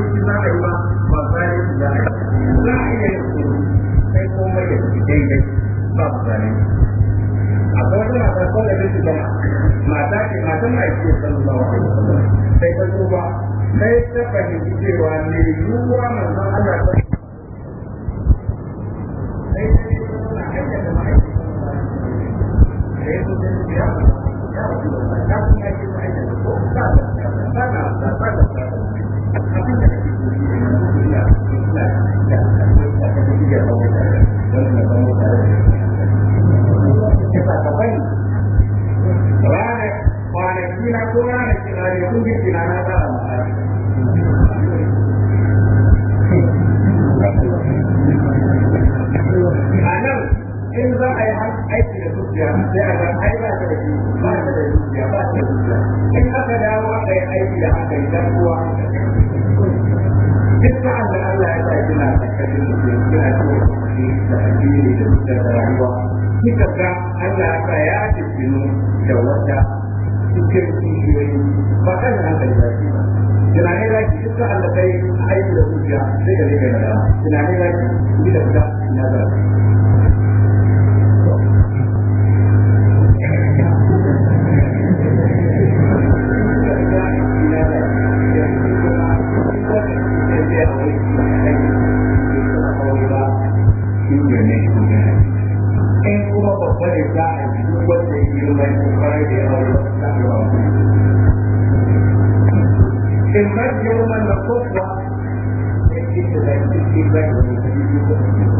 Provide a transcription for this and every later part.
abinci za a yi ba ba zane su za a yi za a iya yin su sai komai ya fi daidai ba su zane a kawai na ta da su zama mata na ke sai ta duba sai ta fahimci cewa ne yiwuwa manzon Allah in aka dawo aka yi aiki da aka yi dan uwa duk sa'an da Allah ya sa kina tsakanin mutum kina cikin kuɗi da addini da da rayuwa kika ga Allah ya sa ya tafiyu da wata cikin kishiyoyi ba kan hankali ba shi ba tunanin zaki duk sa'an da kai aiki da zuciya sai ka rika da tunanin raki ni da fita na zara you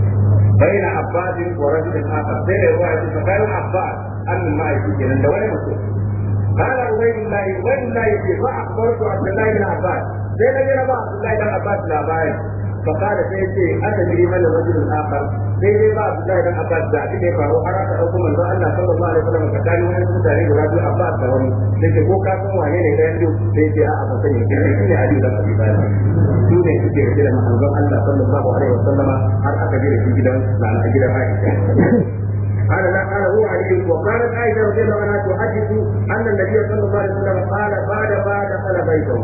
بين عباد ورجل اخر بين رواية فقال عباد ان أن المعرفة كنا ولا مسؤول قال عبيد الله عبيد الله يقول فأخبرت عبد الله بن عباس ما جرى gina الله بن dan لا labarin فقال سيدي أتدري من الرجل الآخر سيدي با عبد الله بن عباس ذا أبي ليفا وأراك أوكم من الله صلى الله عليه وسلم فكانوا من المتعين رجل عباس ذا وني سيدي هو كان هو هنا يتعين سيدي أبو سيدي سيدي علي بن أبي طالب سيدي سيدي رجل من الله صلى الله عليه وسلم أراك جيري في جدا لعن أجل عائشة قال لا قال هو علي وقالت عائشه رضي الله عنها تحدث ان النبي صلى الله عليه وسلم قال بعد بعد دخل بيته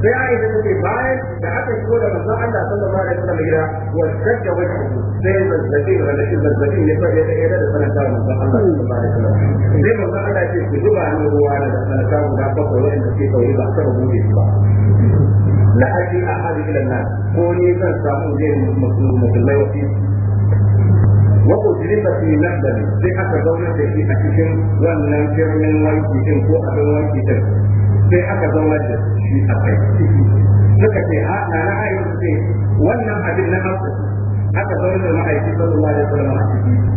sai Aisha ta ce bayan da aka shigo da manzon Allah sallallahu alaihi wasallam gida wa shakka wa shakku sai zazzabi da zazzabi zazzabi ne fa ya da da sanata manzon Allah sallallahu alaihi wasallam sai manzon Allah ce ku zuba ni ruwa da sanata guda bakwai wanda ke kawai ba ta rubuce su ba la aji ahadi ila nan ko ni zan samu je musulmai wasi وأجرب في نقدم sai aka zaunar da shi a cikin wannan firmin wanki din ko abin wanki din sai aka zama da shi a kai suka ce a na na su ce wannan abin na hausa aka zama da ma'aiki sallallahu alaihi wasallam a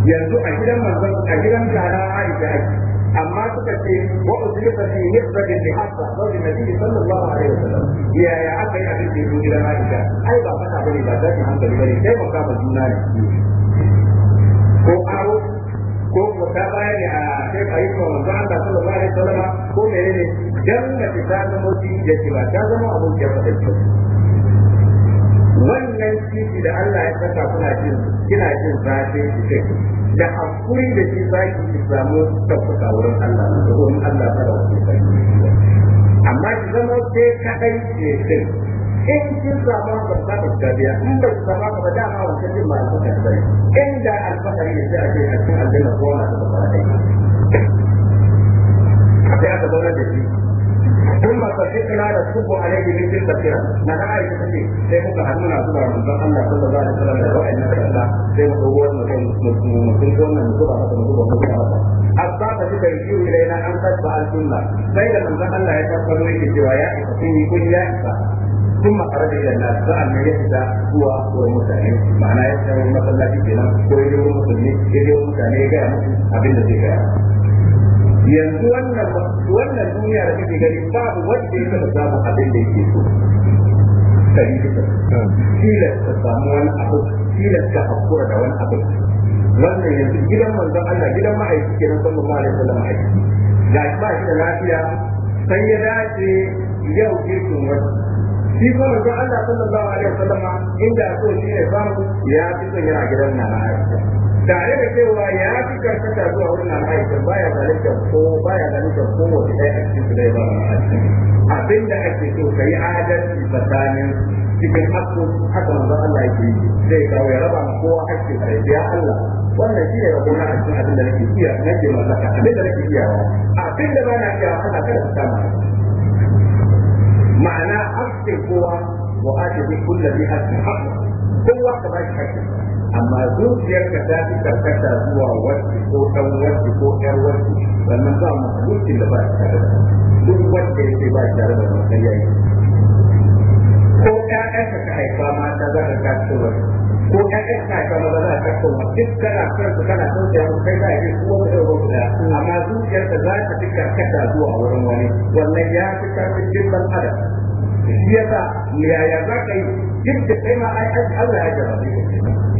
yanzu a gidan manzon a gidan gara aisha ake amma suka ce wa usrifa fi nisbati li hafsa zawji nabi sallallahu alaihi wasallam ya ya aka yi abin da yake gidan aisha ai ba fata bane ba za ki hankali bane sai ba kama juna ne ko aro ko ko ta bayani a sai ka yi ayyukan manzon Allah sallallahu dan mace ta zama da cewa ta zama abokiyar ke wannan titi da Allah ya saka kuna jin kina jin zafi shi da hakuri da shi zaki ki samu tabbata wurin Allah domin Allah ta da wani amma ki zama sai kadai ce sai in kin samu ka ba da gabiya in ba ki samu ka ba da ma wancan jin ma ka gabiya inda alfahari da ce a cikin aljanna ko ma ta ba dai ya ta zauna da shi da فشقنا نصب عليه من تلك na نحن aiki تشي sai muka hannu na zuba manzon Allah sallallahu alaihi wasallam da wa'annan sallah sai mu dogo wannan mutum mutum wannan nan zuwa haka mutum ba mutum ba hatta da kai yi shiru ilaina an kasba al sunna sai da manzon Allah ya tabbaro ke cewa ya ko ya yi kun ya isa ثم خرج الى الناس فان يهدى هو والمسلمين معناه يسمع المصلى في كلام ويجي المسلمين يجي abin يجي zai ذي yanzu wannan wannan duniya da kake gani babu wanda ya taɓa samun abin da yake so kari hmm. ka tilasta samu wani abu tilasta hakura da wani abu wannan yanzu gidan manzon Allah gidan ma'aiki kenan sallallahu alaihi wasallam ma'aiki ga ba shi da lafiya sai ya dace yau girkin wasu shi ko manzon Allah sallallahu alaihi wasallam inda so shi ne samu ya fi son yana gidan na Aisha tare da cewa ya fi karkata zuwa wurin al'aisha baya zalunta ko baya zalunta ko wani ɗaya a cikin su dai ba a cikin abin da ake so ka yi adalci tsakanin cikin hakku haka manzon Allah yake yi zai kawo ya raba ma kowa hakkin sai ya Allah wannan shi ne rabo na a cikin abin da nake iya nake mallaka abin da nake iya abin da ba na iya Allah kada su kama ma'ana hakkin kowa wa ati bi kulli bi hakkin hakku kowa ka ba shi hakkin amma zuciyar ka ta fi karkata zuwa wasu ko ɗan wacce ko ɗan wacce sannan ba mu zuciyar da ba a tare da duk wanda yake ba a tare da wannan yayi ko ƴaƴanka ka haifa mata za ka kace wa ko ƴaƴanka ka haifa ba za ka kace wa duk kana son su kana son su yamma kai za a su wani ka ɗaura da. amma zuciyar ka za ta fi karkata zuwa wurin wani wannan ya fi karfin jimman adam shi yasa yaya za ka yi duk da kai ma ai Allah ya jarabe ka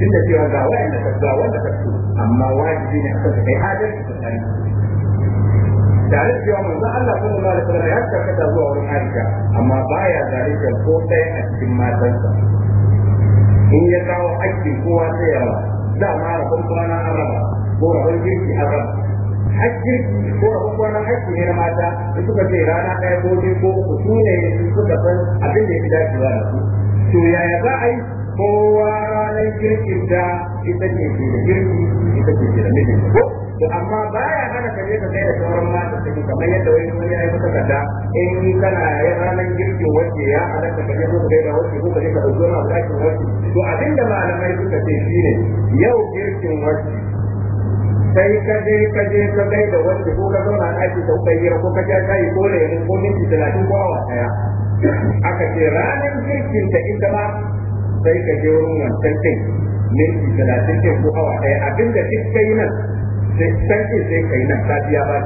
duk da cewa ga wa'anda ka ga wanda ka so amma wajibi ne akan kai adalci tsakani tare da cewa manzo Allah sallallahu da wasallam ya karkata zuwa wurin Aisha amma baya zalunta ko ɗaya a cikin matansa in ya kawo hakkin kowa sai ya raba dama rabon kwana an raba ko rabon girki an raba hakki ko rabon kwana hakki ne na mata da suka ce rana ɗaya ko biyu ko uku su ne suka san abin da ya fi dacewa da su to yaya za a yi kowa asalin kirkin da ita ke ke da kirki ita ke ke da mijin ko to amma baya hana ka je ka kai da sauran mata take kamar yadda wani wani ya yi maka kada in kana ya ranar girkin wacce ya halatta ka je ko ka gaida wacce ko ka je ka dauki wani alaƙin wacce to abinda malamai suka ce shine yau girkin wacce sai ka je ka je ka kai da wanda ko ka zauna a ɗaki ka kuka ko ka ja shayi ko lemu ko minti talatin ko awa ɗaya aka ce ranar girkin da ita ma sai ka je wurin wancan din minti talatin ce ko awa ɗaya abinda duk kai nan sai sai sai kai nan ta biya ba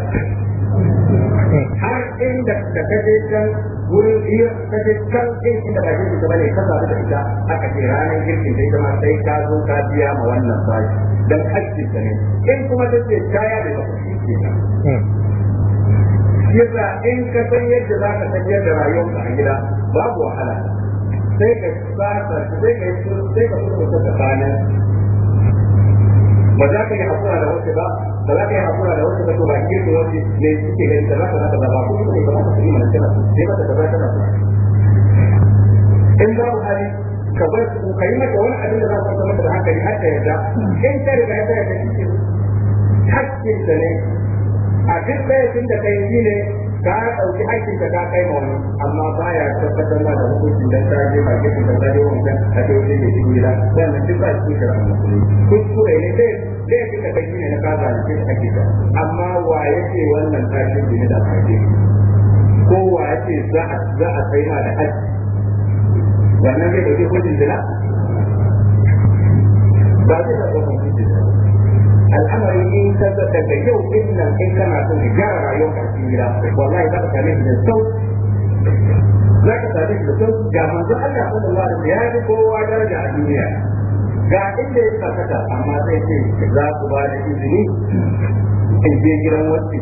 har inda ka kaje can wurin iya kaje can din inda ba girki ta bane ka samu da ita aka ce ranar girkin sai ita ma sai ka zo ka biya ma wannan bashi dan hakkin ne in kuma ta ce kaya da ba ke nan hmm. yasa in ka san yadda za ka san da rayuwarka a gida babu wahala sai ka sasa sai ka yi sai ka kuma ta tsakanin ba za ka yi hakura da wasu ba ba za ka yi hakura da wasu ba to ba ke da wasu ne suke gani da za ka za ka ba ko kuma ba ka yi mana kana sai ba ta ba ta ba in babu hali ka bar ku kai mata wani abin da za ka samu da hankali har ta yarda in ta riga ta yarda shi ne hakkin ne a duk bayanin da kai ne ka ɗauki aikin ka ta kai wani amma baya tabbatar da hukuncin da ta je bakin da ta je wanda ka je wani da cikin gida wannan duk ba cikin shari'a musulmi kuskure ne dai dai fi ka gani ne na ka zalunce ka ake ka amma wa yake wannan tashin gine da kaje ko wa yake za a za a kai ma da haji wannan zai ɗauki hukuncin gida ba zai ɗauki al'amari in ka daga yau din nan in kana son ka gyara rayuwar ka cikin gida wallahi za ka same shi da sauki za ka same shi da sauki ga manzo Allah sallallahu alaihi wasallam ya yi kowa daraja a duniya ga inda ya saka ta amma zai ce za ku ba da izini in je gidan wasu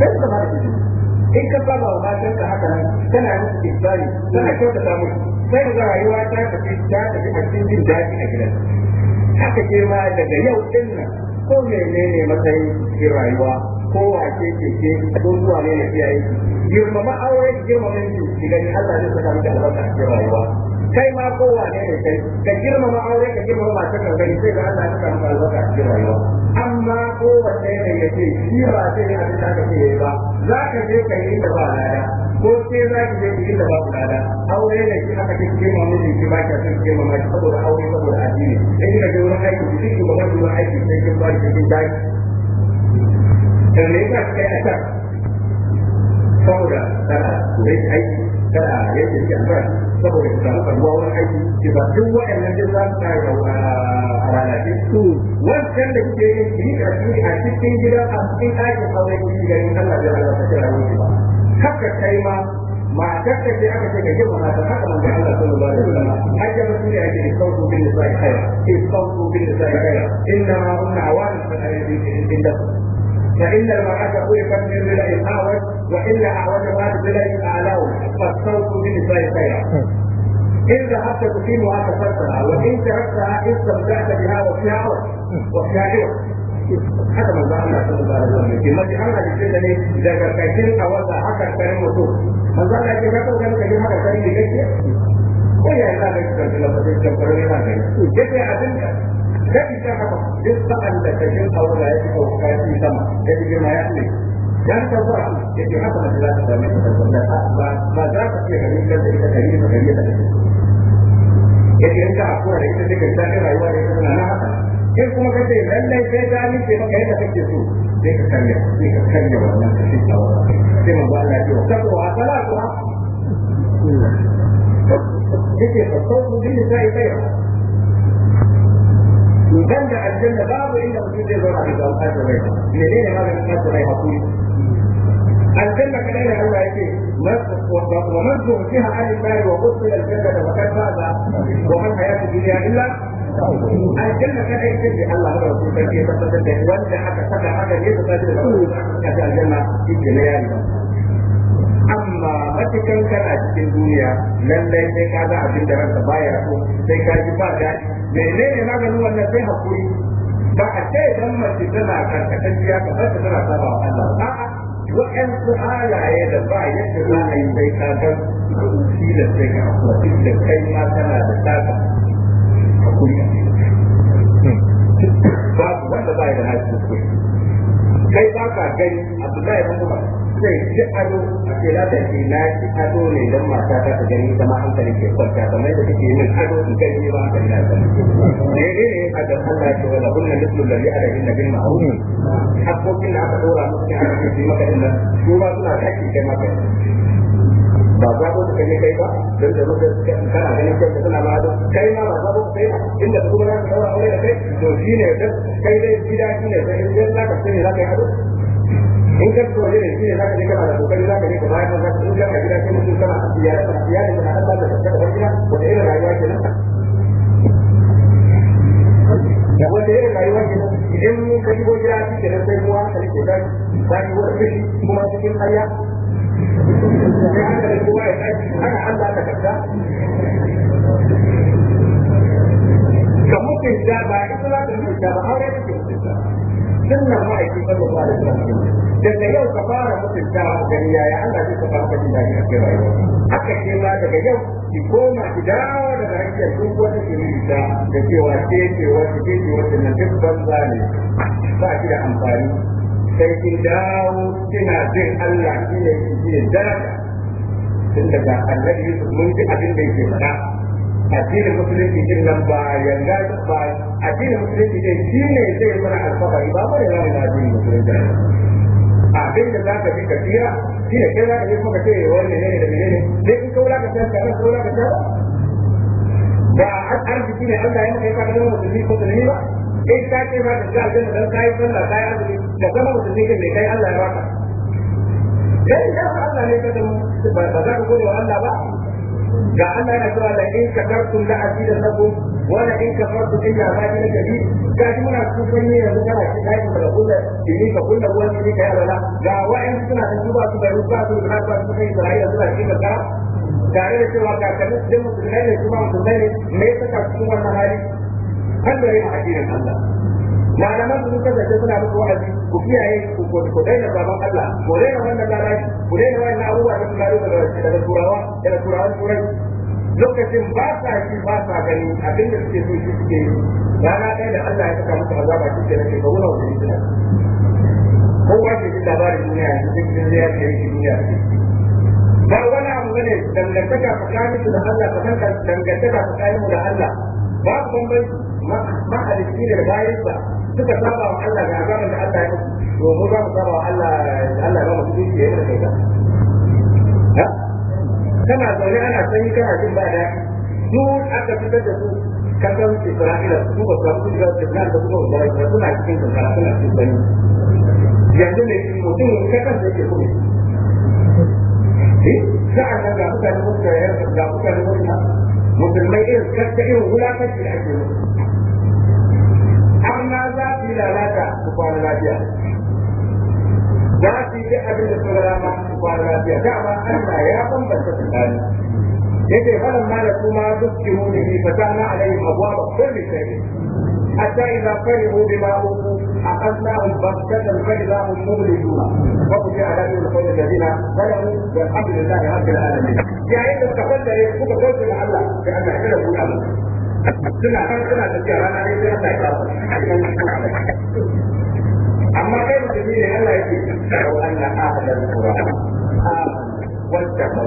sai ka ba da izini in ka saba wa matan ka haka nan tana yin isbari tana kyautata musu sai ka rayuwa ta tafi ta tafi a cikin jin daɗi a gidan haka girma daga yau din nan ko menene matsayin cikin rayuwa ko wace ke ke ko zuwa ne na yi girma ma aure girma ne ki gani Allah ne saka miki albarka a cikin rayuwa kai ma ko wane ne kai ka girma ma aure ka girma ma ta kai sai ga Allah ya saka miki albarka a cikin rayuwa amma ko wace ne ke shi ba sai ne a cikin kake ke ba za ka je ka yi da ba lada ko ke za ki je inda ba ku lada aure ne ki aka ce ke mamu ne ki ba ki san ke mamu ki saboda aure saboda addini in kika je wurin aiki ki ki ba ki wurin aiki sai ki ba ki ki dai dan ne ka kai aka saboda kada ku yi aiki kada yake ki amfani saboda ki samu karuwa wurin aiki ki ba duk waɗannan duk za su kai a ranace wancan da kuke yin ki a cikin gidan a cikin ɗakin aure ki ganin Allah bai Allah ta kira ki ba haka kai ma matar da ce aka ce ga girma ta haka manzo Allah sallallahu alaihi wasallam hajjar su ne ake sauku bin da sai kai ke sauku bin da sai kai inna ma hunna awan fa alayhi bin da فإن المرأة خلقت من ضلع أعوج وإن أعوج بعد ضلع أعلاه فالصوت بالنساء خيرا. إن ذهبت تقيمها كسرتها وإن تركتها استمتعت بها وفيها عوج وفيها عوج haka manzo Allah sallallahu alaihi wasallam ke mace an halice da ne daga kakin a wata haka karin mutum manzo Allah ke ka kawo kanka ne haka karin da kake ko ya yana da kanka na fatan kan farin yana kai yake abin da kai ta haka duk sa'an da kakin a wata yake ko kafi sama yake girma ya ta dan tawwa yake haka mace za ta same ta da ba ba za ta iya ganin kanta ita kare ta kare ta yake in ka hakura da ita take ta rayuwa da ita na haka in kuma ka ce lallai sai ta miƙe maka yadda kake so sai ka karya sai ka karya wannan ka shi tsawa sai mu ba Allah cewa ta kuwa salatu ha yake fa sauku din sai kai idan da aljanna babu inda mutum zai zo a cikin kasar rai menene maganin kasar rai hakuri الجنة كذلك الله يقول ومن زهدها عن النار وأدخل الجنة فقد فاز وما الحياة الدنيا إلا الجنة كان أي سر الله هو رسول الله tabbatar da wanda aka saka haka ne tabbatar da su ka ta aljanna shi ke na yayi amma matukan kana cikin duniya lallai sai ka ga abin da ranka baya so sai ka ji ba daɗi menene maganin wannan sai hakuri ba a ce dan mace tana karkatacciya kamar ta tana saba wa Allah a'a wa'yansu halaye da ba yadda za a yi sai ka ga tilas sai ka hakuri da kai ma tana da taka kuskure babu wanda ba da nashi kuskure kai ba ka gani abdullahi bin umar sai ji ado a ce za ta ce na ji ado ne don mata ta gani ta ma hankali ke kwanta kamar da take yin ado in kai ne ba hankali na gani ne ne ne a da Allah ce wala kunna mithlu alladhi ala inna bil ma'ruf hakkokin da aka dora musu ne a cikin maka din su ba suna haƙƙi kai maka ba za ku suka ne kai ba don da muka kana ganin kai da suna ma kai ma ba za ku kai inda su kuma za su daura aure da kai to shi ne da kai dai gida shi ne sai in za ka sani za ka yi ado in ka so ne shi ne za ka je kana da kokari za je ka bayar da in ka gida kai mutum kana ya ya ne kana da da ka da gida wata irin rayuwa ke da wata irin rayuwa ke idan ka shigo gida shi ke sai kuma ka rike da ta yi wani kuma cikin hayya ka mutunta ba ita za ta mutunta ba aure ta mutunta sunnar ma'aikin ba alaihi wasallam daga yau ka fara mutunta da yaya Allah zai ka fara jin a cikin rayuwa haka ke ma daga yau ki koma ki dawo da rakiyar duk wata kirista da cewa ce ce wata ce ce wata na duk banza ne ba ki da amfani sai kin dawo kina jin Allah shi ne kike daraja tun daga annabi Yusuf mun ji abin da yake faɗa addinin musulunci din nan ba yanga ba addinin musulunci din shi ne zai mana alfahari ba ba yana da addinin musulunci abin da za ka ji ka tsira shi ne kai za ka je kuma ce wannan ne da menene ne in ka wula ka san ka ka wula ka san ba arziki ne Allah ya maka ya ka ga ko ba in ka ce ma ka ga aljanna dan kai sallah kai azumi da kuma mutum ne kai kai Allah ya baka dan da Allah ne ka dan ba za ka gode wa Allah ba ga Allah yana cewa la in da la azidannakum wa wani in kafartum inna azabi lakabir ka shi muna kusan ne yanzu kana shi kai mu da kullu ka kullu wa inni ka yalla ga wa'in suna da duba su da ruba su da ruba su kai Isra'ila suna cikin kara tare da cewa ga kanin da musulmai ne kuma musulmai ne me yasa ka cikin wannan hali kallare a addinin Allah malaman su suka zace suna muku wa'azi ku kiyaye ku ku daina baban Allah ku daina wannan lalaci ku daina wannan abubuwa da suka rubuta daga da turawa daga turawan turai lokacin ba sa shi ba sa gani abin da suke so shi suke yi rana ɗaya da Allah ya saka musu azaba shi ke na shekaru na wuri suna kowa ke ji labarin duniya yanzu duk duniya ke yi duniya ba wani abu ne dangantaka tsakanin da Allah ka dangantaka tsakanin mu da Allah babu bambanci mahalitti ne da bayansa suka saba wa Allah da azaban da Allah ya musu to mu za mu saba wa Allah Allah ya musu duki ya yi da kai kana zaune ana sanyi kana jin ba da su aka fitar da su kasan Isra'ila su ba su su ga da da su ba da suna cikin kankara suna cikin sanyi yanzu ne mutum kasan da yake kuma sa'an nan ga mutane muka ga mutane ta irin wulakanci da ake nufi amma za su yi lalata su kwana lafiya za su yi abin da suka rama su kwana lafiya ba dama allah ya bambanta su Ya ce fara ma da kuma duk kimu ne bi fa sanna alaihi abwa ba kuma A a kulli shay'i hatta idza farihu bima uku aqadnahu baqatan fa idza hum mublisuna wa qad ya'lamu al-qawl alladhina qalu bi hamdillahi rabbil alamin yayin da suka kwallare suka kauce ma Allah sai Allah ya kada buɗa musu suna kan suna tafiya rana ne sai Allah ya kawo amma kai mutumi ne Allah ya ce lau anna ahlal A wattaqu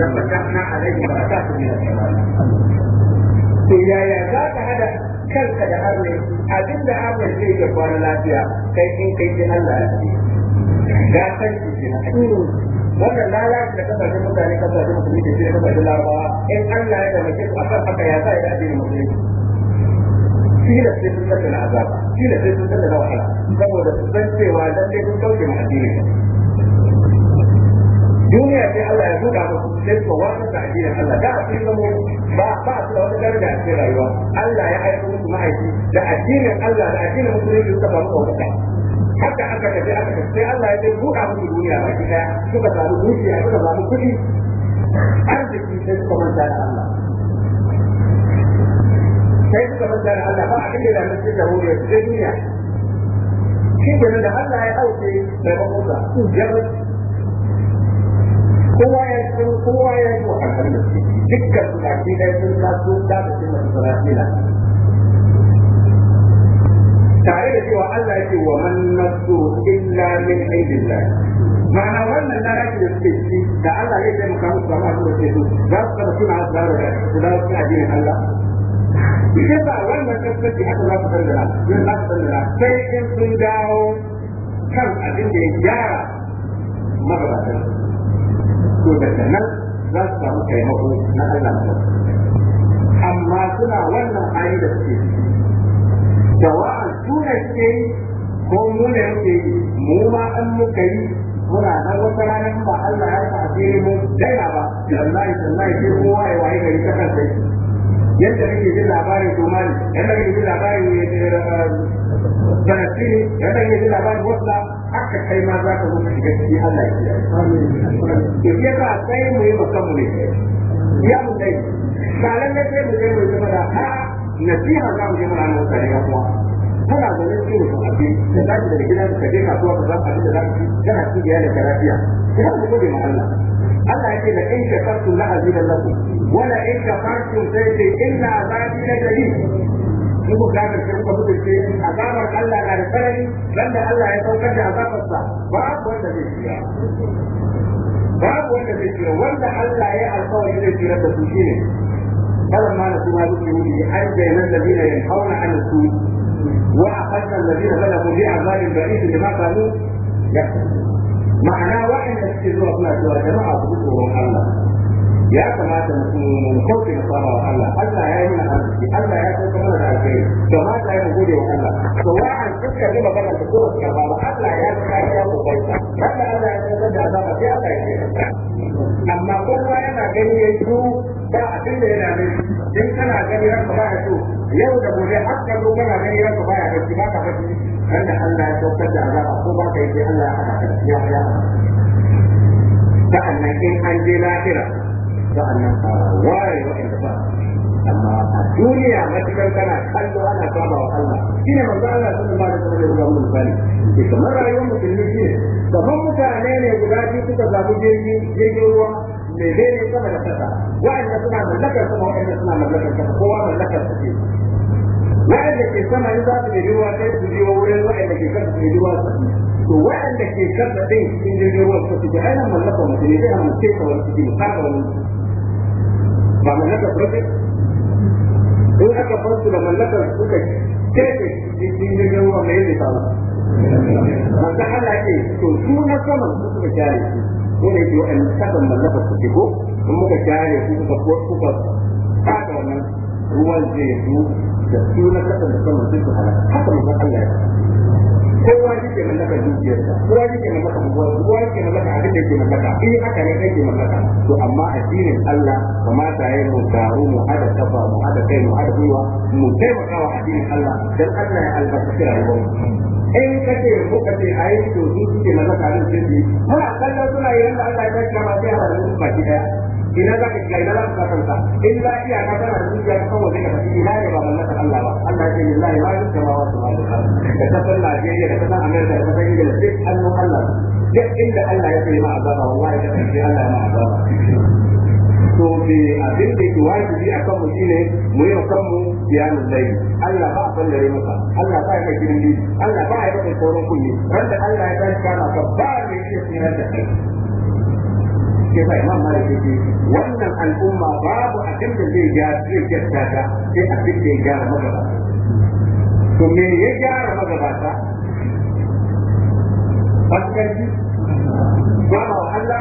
lamma tahna alayhi barakatun min as-samai to yaya za ka hada kanka da arne abin da arne zai ga kwana lafiya kai in kai sai Allah ya ga san shi ne wannan lalaci da kasashen mutane kasashen musulmi ke shirya kasashen larabawa in Allah ya taimake su akan haka ya sa ya addinin musulmi kila sai sun tattala azaba kila sai sun tattala wahala saboda su san cewa dan dai sun kauce ma addini duniya sai Allah ya buɗa musu sai su wata da addinin Allah da su zama ba ba su da wata daraja a cikin rayuwa Allah ya aika musu ma'aiki da addinin Allah da addinin musulmi suka samu ɗaukaka haka aka tafi aka tafi sai Allah ya dai buɗa musu duniya baki daya suka samu dukiya suka samu kuɗi arziki sai suka manta da Allah sai suka manta da Allah ba a kike da mutum da wuri sai duniya shi kenan da Allah ya auke da makusa ya mutu kowa ya so kowa ya so a kan da shi dukkan su baki dai sun kaso da da cikin masu sarafila tare da cewa Allah ya ce wa man maskur illa min wannan na da suke ci da Allah zai taimaka musu ba da su za su kama suna da su da su ajiye Allah Bisa ba wannan tabbaci haka za su sandana, yin za su sandana sai in sun dawo kan abin da ya gyara magabatan. To daga nan za su samu taimako na Allah amma suna wannan hali da suke ciki. Jawa'an su ne ko mu ne muke yi mu ma an muka yi muna na wata rana ba Allah ya sa asiri mu daina ba wallahi wallahi sai kowa ya waye gari ta sai yadda nake jin labarin Somali yadda nake jin labarin ne eh, da eh, eh, Palestine yadda nake jin labarin Bosna haka kai ma za ka mutu ka shiga Allah ya yi amin ke ka sai mu yi maka mu ne ya mu dai kalan ne sai mu je mu yi da ha nasiha za mu je mu ranar mutane ga kuma kana da nan sai mutum ake da za ki daga gida da je kasuwa ka zama abin da za ki kana cikin da ka lafiya kina da gode ma Allah Allah ya ce da in shakartum la azidan lakum wala in kafartum sai ce inna azabi la shadid in ku kafir sai ku mutu ce azabar Allah na da sarari dan da Allah ya saukar da sa, ba wanda zai tsira babu wanda zai tsira wanda Allah ya alƙawari zai tsira da su shine فلما نسوا ما ذكروا به أنجينا الذين ينهون عن السوء وحتى الذين بلغوا في اعمال البعيد لما كانوا معناه واحد يستجيب ربنا سوى جماعة بكره محمد يا كما تنسون من خلق الصلاة وحلا ألا يا إيمان أمسي ألا يا كنت مرد على الكريم كما تأي مجودي وحلا سواء عن كتك لما بنا تكون في الغابة ألا يا كنت أيها مبيتا ألا أنا أتنزل جعبا في أبا يجيب أما كل ما أنا كنت يجيب بعد كنت هنا منه yau da gobe har ka zo kana gani ranka baya barci ba ka barci ran da Allah ya saukar da azaba ko ba ka yi sai Allah ya haɗa ka ya ya nan in an je lahira nan fara ware wa'anda ba amma a duniya matukar kana kallo ana saba wa Allah shi ne manzo Allah sun alaihi da ya buga mun misali ke kamar rayuwar mutum ne. kamar mutane ne guda biyu suka zabu jirgin ruwa mai bene sama da kasa wa'anda suna mallakar sama wa'anda suna mallakar kasa kowa mallakar su ke wa'anda ke sama in za su da ruwa sai su biyo wurin wa'anda ke kasa su da ruwa su to wa'anda ke kasa din sun da ruwa su ke ai nan mallakar mutum ne zai hana mutum ka wani ciki har ka wani ba mallakar rufe in aka farsu da mallakar suka kete cikin jirgin ruwa mai zai samu. Masu Allah ke to su na saman su suka kyale su. ko da yake wa'annan mallakar su ke ko in muka kyare su ko suka kada wannan ruwan zai zo da su na kasan da sama sai su halaka haka mun Allah ya kowa mallaka dukiyarsa kowa mallaka kowa mallaka abin da yake mallaka in haka ne kai ke mallaka to amma addinin Allah kamata yayi mu taru mu hada kafa mu hada kai mu hada gwiwa mu taimaka wa addinin Allah dan Allah ya albarkaci rayuwar mu in ka ce ko ka ce ai to su suke na saka nan sai ne muna kallon suna yi da Allah ya kama sai har su baki daya ina za ka ga ina za ka kanta in za iya ka tana zuciya ka kawo zai ka tafi ina ne ba mallaka Allah ba Allah ya ce lillahi wa yusra wa subhanahu wa ta'ala da kasan Najeriya da kasan Amerika da kasan Ingila duk an Allah duk inda Allah ya ce ma azaba wallahi da kasan Allah ya ma azaba to me abin da ke wajibi a kanmu shine mu yi kanmu biyanin layi Allah ba a san da masa Allah ba ya kai girbi Allah ba ya kai sauran kunni Wanda Allah ya kai kana ka ba ne ke tsirar da kai ke sa imam malik yake wannan al'umma babu abin da zai ga zai gaskata ta sai abin da ya gyara magaba to me ya gyara magabata fasikanci ba ma Allah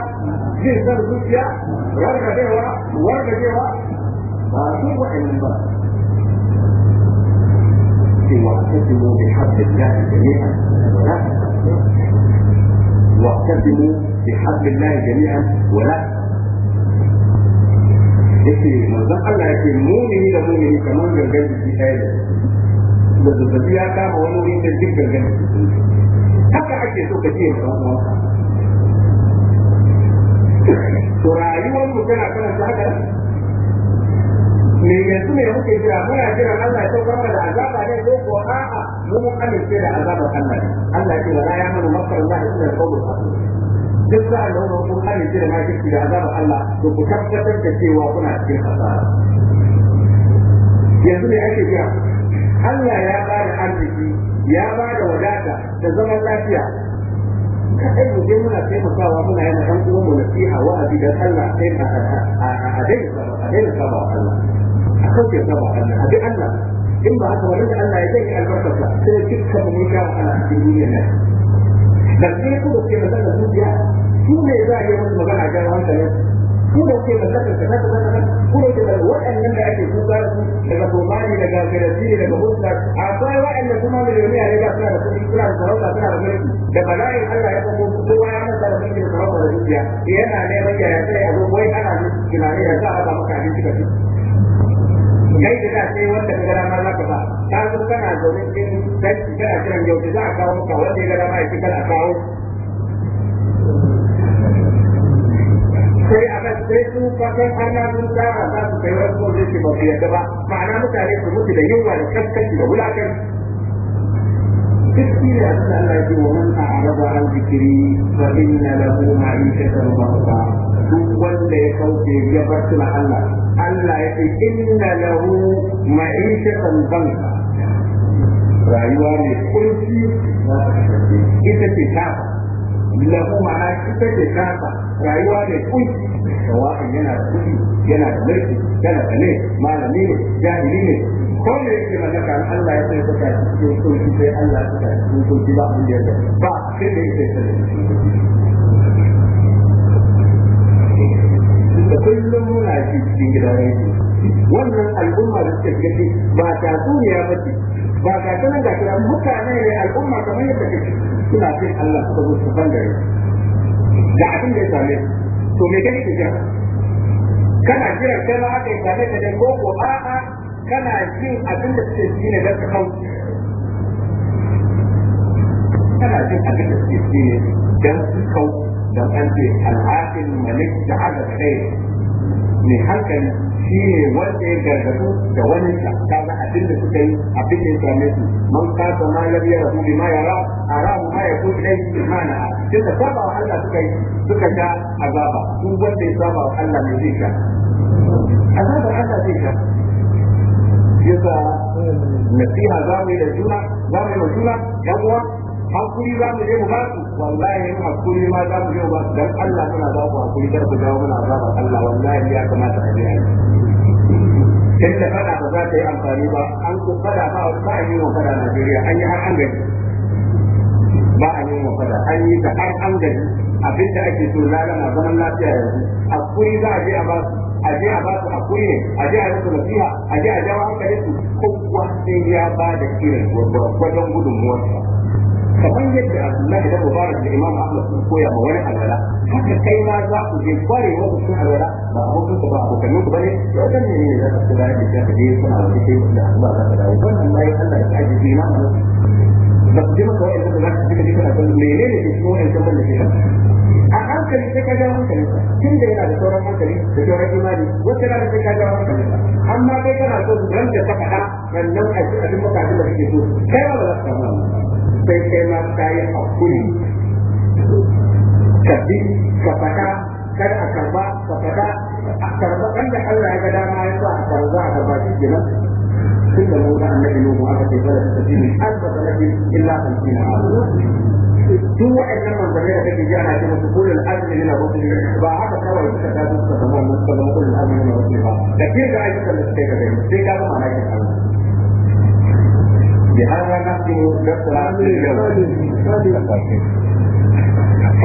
zai zan zuciya وارجع بيها ورا وارجع بيها ورا واشوف واحد من بره واعتصموا بحبل الله جميعا ولا تفرقوا واعتصموا بحبل الله جميعا ولا yake manzon Allah yake mumini da mumini kamar gangan jiki ɗaya da da zazzabi ya kama wani wuri da jin gangan jiki haka ake so ka ce ma ɗan uwanka rayuwar ku tana karanta haka me yanzu me muke jira muna jira Allah ya saukar mana azaba ne ko ko a'a mu mun amince da azabar Allah Allah ya ce wala ya mana makar Allah ya tsaya kawo duk za a launa mun amince da makirci da azabar Allah to ku tabbatar da cewa kuna cikin hasara yanzu me ake jira Allah ya ba da arziki ya ba da wadata da zaman lafiya sai mu je muna taimakawa muna yana dan uwan mu nasiha wa abi dan Allah sai a a daina a daina saba Allah a kauce saba Allah a bi Allah in ba haka wani da Allah ya zai albarkarsa sai dukkan mu sha wahala a cikin duniyar nan da sai ku da ke magana zuciya su ne za a yi musu magana a jawo hankalin ku da ke magana ka kaza kaza ku da ke magana waɗannan da ake kuka su daga garanti ne daga hutsa akwai waɗanda kuma miliyoniya a ba suna da kuɗi suna da sarauta suna da mulki da bala'in Allah ya kuma kowa ya masa da mulki da sarauta da dukiya yana neman ya yasa ya zo wai ana nufi tunani ya sa aka maka abinci ka ci kai da sai wanda ka gara ma zaka ba ka zo kana zaune cikin sai kana kiran yau da za a kawo maka wanda ya gara ma ya ci kana kawo sai aka sai su fatan arna sun tsara za su kai wasu gwamnati ba su yarda ba ma'ana mutane su mutu da yunwa da kaskanci da wulakan تذكر أن الذي ومن أعرض عن ذكري فإن له معيشة duk wanda ya kauce ya bar tuna Allah Allah ya ce inna lahu ma'ishatan banka rayuwa ne kunci ita ce ta lahu ma'ana ita ce ta rayuwa ne kunci sawa'in yana da kuɗi yana da mulki yana da ne malami ne jahili ne ko ne yake mallaka Allah ya sai saka cikin kunci sai Allah ya saka cikin kunci ba mun da ya ba sai da yake sai da kullum muna cikin gidan ne wannan al'umma da suke gaji ba ta duniya ba ce ba ta sanar da kira mutane ne al'umma kamar yadda kake suna jin Allah suka zo su bangare da abin da ya same to me kake jira kana jira kai ma aka same ka ne ko ko a'a kana jin abin da suke ji ne don ka kauce kana jin abin da suke ji ne don su kau don an ce al'adin malik da aka kai mai hankali shi ne wanda ya gargadu da wani kaga abin da suka yi abin da ya same su man kasa ma lam yara bi ma yara arahu imana suka saba wa Allah suka yi suka sha azaba su wanda ya saba wa Allah ne zai sha azabar Allah zai sha yasa eh, nasiha za mu yi da juna za mu yi da juna yan uwa hakuri za mu je mu ba su wallahi in hakuri ma za mu je mu ba su dan Allah muna ba ku hakuri kar ku jawo mana azaba Allah wallahi ya kamata a je Yadda fada ba za ta yi amfani ba, an ku fada ba a yi wa fada Najeriya, an yi har an gani. gama fada an yi ta har an gaji abin da ake so lalama zaman lafiya yanzu a kuri za a je a ba su a je a ba su kuri ne a je a rasa nasiha a je a jawo hankalin su sai ya ba da irin gwargwadon gudunmuwarsa kamar yadda suna da Mubarak da Imam Ahmad sun koya ma wani alwala haka kai ma za ku je kware wasu sun alwala ba a hukun ku ba abokan ku bane ya wajen ne ne za ka bayan da ka je suna wani kai da Allah za ka dawo wannan mai Allah ya ji imam ba su je maka wa'in da za ka suka ji kana ne cikin wa'in da ban da shi a hankali sai ka ja hankali tun da yana da sauran hankali da sauran imani wata rana sai ka ja hankali amma kai kana so ran da ta faɗa sannan a cikin abin maka da kake so kai ba za ka samu sai kai ma ka yi hakuri ka bi ka faɗa kar a karba ka faɗa a karba da Allah ya ga dama ya sa a karba a karba shi kenan كل موضع النبي له مؤكد في بلد التسليم حتى تنبي إلا خمسين عام هو إنما انتبه في جانا كما تقول الأجل إلى رسل الله بعد قول الشتاة تتمر مستمع كل الأجل إلى رسل الله لكن جاي تسل السيكة بين السيكة ما هيك الحال بهذا نحن نفسنا في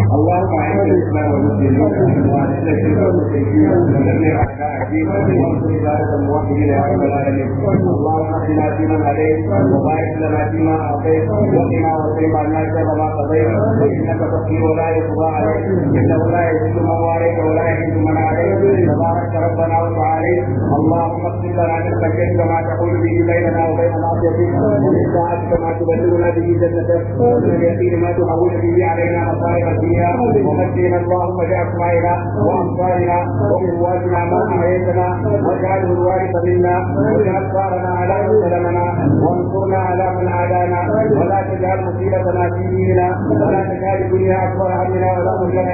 اللهم اعز الاسلام والمسلمين واذل الشرك والمشركين ودمر اعداء الدين وانصر عبادك الموحدين يا رب العالمين اللهم اهدنا فيمن هديت وبارك لنا فيما اعطيت وقنا واصرف عنا شر ما قضيت انك تقضي ولا يقضى عليك انه لا يذل من واليت ولا يعز من عليك تبارك ربنا وتعالى عليه اللهم اغفر لنا من خشيتك ما تحول به بيننا وبين معصيتك ومن طاعتك ما تبلغنا به جنتك ومن اليقين ما تهون به علينا مصائب الدنيا ومجدنا اللهم باسمائنا وامصارنا وقواتنا ما احييتنا واجعله الوارث منا واجعل ثارنا على من سلمنا وانصرنا على من عادانا ولا تجعل مصيبتنا في ديننا ولا تجعل الدنيا اكبر همنا ولا مبلغ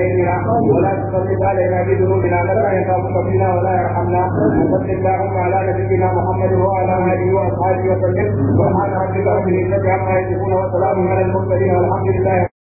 ولا تسلط علينا بذنوبنا من لا يخافك فينا ولا يرحمنا وصل اللهم على نبينا محمد وعلى اله واصحابه وسلم سبحان ربك رب العزه عما يصفون وسلام على المرسلين والحمد لله